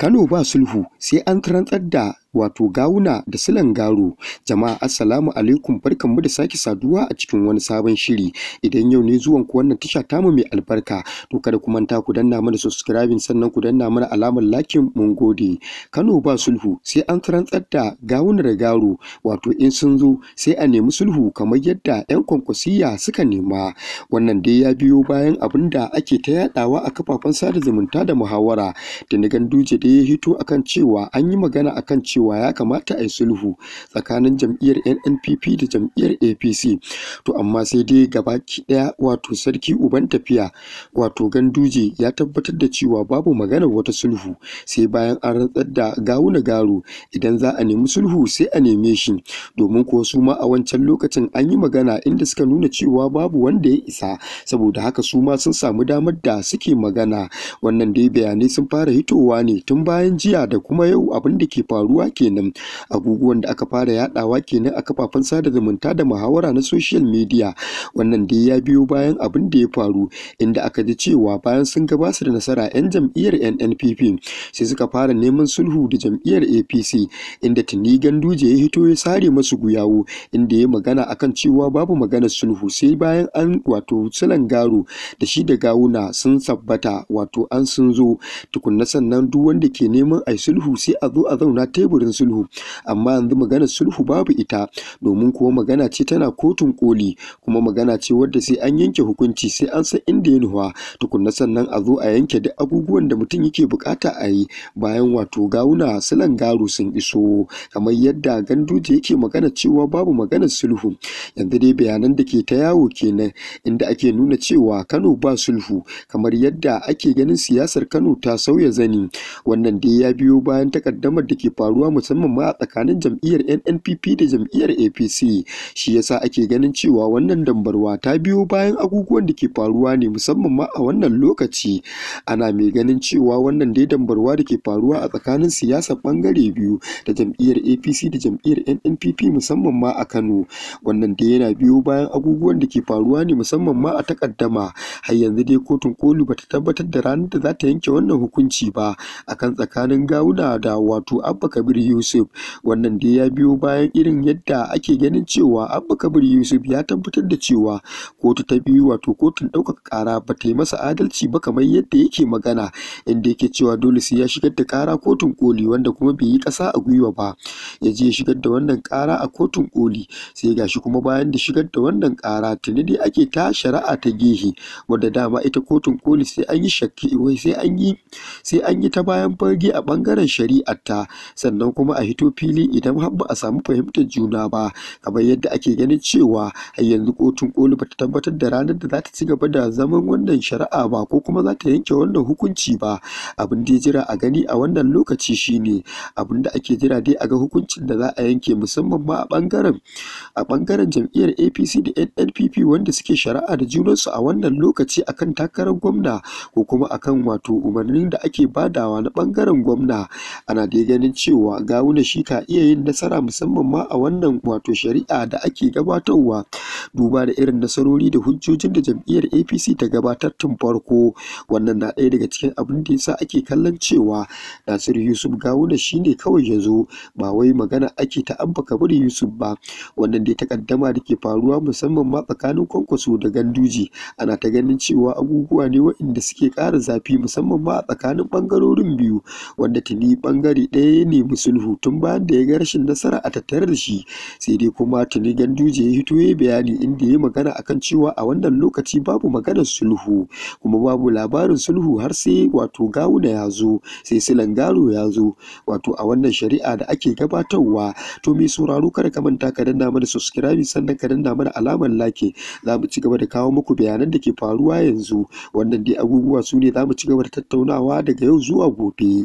Kano ba sulhu sai an rantsar da wato gawuna da silan garo jama'a assalamu alaikum barkanmu da sake saduwa a cikin wani sabon shiri idan yau ne zuwan ku wannan tasha tamu mai albarka to kada ku manta ku danna mana subscribing sannan ku danna mana alamar lakin mun gode Kano ba sulhu sai an rantsar da gawuna da garo wato in sun zo sai a nemi sulhu kamar yadda yan kwankwasiya suka nema wannan dai ya biyo bayan abin da ake ta yadawa a kafafen sada zumunta da muhawara da na ganduje da ya hito akan cewa an yi magana akan cewa cewa ya kamata a yi sulhu tsakanin jam'iyyar NNPP da jam'iyyar APC to amma sai dai gaba ɗaya wato sarki uban tafiya wato ganduje ya tabbatar da cewa babu magana wata sulhu sai bayan an rantsar da gawuna garo idan za a nemi sulhu sai a neme shi domin kuwa su ma a wancan lokacin an yi magana inda suka nuna cewa babu wanda ya isa saboda haka su ma sun samu damar da suke magana wannan dai bayanai sun fara hitowa ne tun bayan jiya da kuma yau abin da ke faruwa kenan abubuwan da aka fara yadawa kenan a kafafen sada zumunta da muhawara na social media wannan dai ya biyo bayan abin da ya faru inda aka ji cewa bayan sun su da nasara 'yan jam'iyyar nnpp sai suka fara neman sulhu da jam'iyyar apc inda tuni ganduje ya hito ya sare masu guyawo inda ya magana akan cewa babu magana sulhu sai bayan an wato sulan garo da shi da gawuna sun tabbata wato an sun zo tukunna sannan duk wanda ke neman ai sulhu sai a zo a zauna tebur wurin sulhu amma yanzu magana sulhu babu ita domin kuwa magana ce tana kotun koli kuma magana ce wadda sai an yanke hukunci sai an san inda ya nufa tukunna sannan a zo a yanke da abubuwan da mutum yake bukata a yi bayan wato gawuna silan garu sun iso kamar yadda ganduje yake magana cewa babu magana sulhu yanzu dai bayanan da ke ta yawo kenan inda ake nuna cewa kano ba sulhu kamar yadda ake ganin siyasar kano ta sauya zani wannan dai ya biyo bayan takaddamar da ke faruwa musamman ma a tsakanin jam'iyyar NNPP da jam'iyyar APC shi yasa ake ganin cewa wannan dambarwa ta biyo bayan abubuwan da ke faruwa ne musamman ma a wannan lokaci ana mai ganin cewa wannan dai dambarwa da ke faruwa a tsakanin siyasar bangare biyu da jam'iyyar APC da jam'iyyar NNPP musamman ma a Kano wannan dai yana biyo bayan abubuwan da ke faruwa ne musamman ma a takaddama har yanzu dai kotun koli bata tabbatar da ranar da za ta yanke wannan hukunci ba akan tsakanin gawuna da wato Abba Kabir Yusuf. Wannan dai ya biyo bayan irin yadda ake ganin cewa Abba Kabir Yusuf ya tabbatar da cewa kotu ta biyu wato kotun ɗaukaka ƙara ba ta yi masa adalci ba kamar yadda yake magana inda yake cewa dole sai ya shigar da ƙara kotun koli wanda kuma bai yi ƙasa a gwiwa ba. Ya je ya shigar da wannan ƙara a kotun koli sai gashi kuma bayan da shigar da wannan ƙara tuni dai ake ta shari'a ta gehe wadda dama ita kotun koli sai an yi shakki sai an yi sai an yi ta bayan fage a bangaren shari'ar ta sannan sannan kuma a hito fili idan har ba a samu fahimtar juna ba kamar yadda ake ganin cewa har yanzu kotun koli bata tabbatar da ranar da za ta ci gaba da zaman wannan shari'a ba ko kuma za ta yanke wannan hukunci ba abin da jira a gani a wannan lokaci shine abin da ake jira dai a ga hukuncin da za a yanke musamman ma a bangaren a bangaren jam'iyyar APC da NNPP wanda suke shari'a da junansu a wannan lokaci akan takarar gwamna ko kuma akan wato umarnin da ake badawa na bangaren gwamna ana dai ganin cewa cewa gawuna shi ka iya yin nasara musamman ma a wannan wato shari'a da ake gabatarwa duba da irin nasarori da hujjojin da jam'iyyar apc ta gabatar tun farko wannan na ɗaya daga cikin abin da yasa ake kallon cewa nasiru yusuf gawuna shi ne kawai ya zo ba wai magana ake ta an bari yusuf ba wannan da dai takaddama da ke faruwa musamman ma tsakanin kwankwaso da ganduji ana ta ganin cewa abubuwa ne waɗanda suke ƙara zafi musamman ma a tsakanin ɓangarorin biyu wanda tuni ɓangare ɗaya ne sulhu tun bayan da ya ga rashin nasara a tattare da shi sai dai kuma tuni ganduje ya hito ya bayani inda ya magana akan cewa a wannan lokaci babu maganar sulhu kuma babu labarin sulhu har sai wato gawuna ya zo sai silan garo ya zo wato a wannan shari'a da ake gabatarwa to mai sauraro kada ka manta ka danna mana subscribe sannan ka danna mana alamar like za mu ci gaba da kawo muku bayanan da ke faruwa yanzu wannan dai abubuwa su ne za mu ci gaba da tattaunawa daga yau zuwa gobe.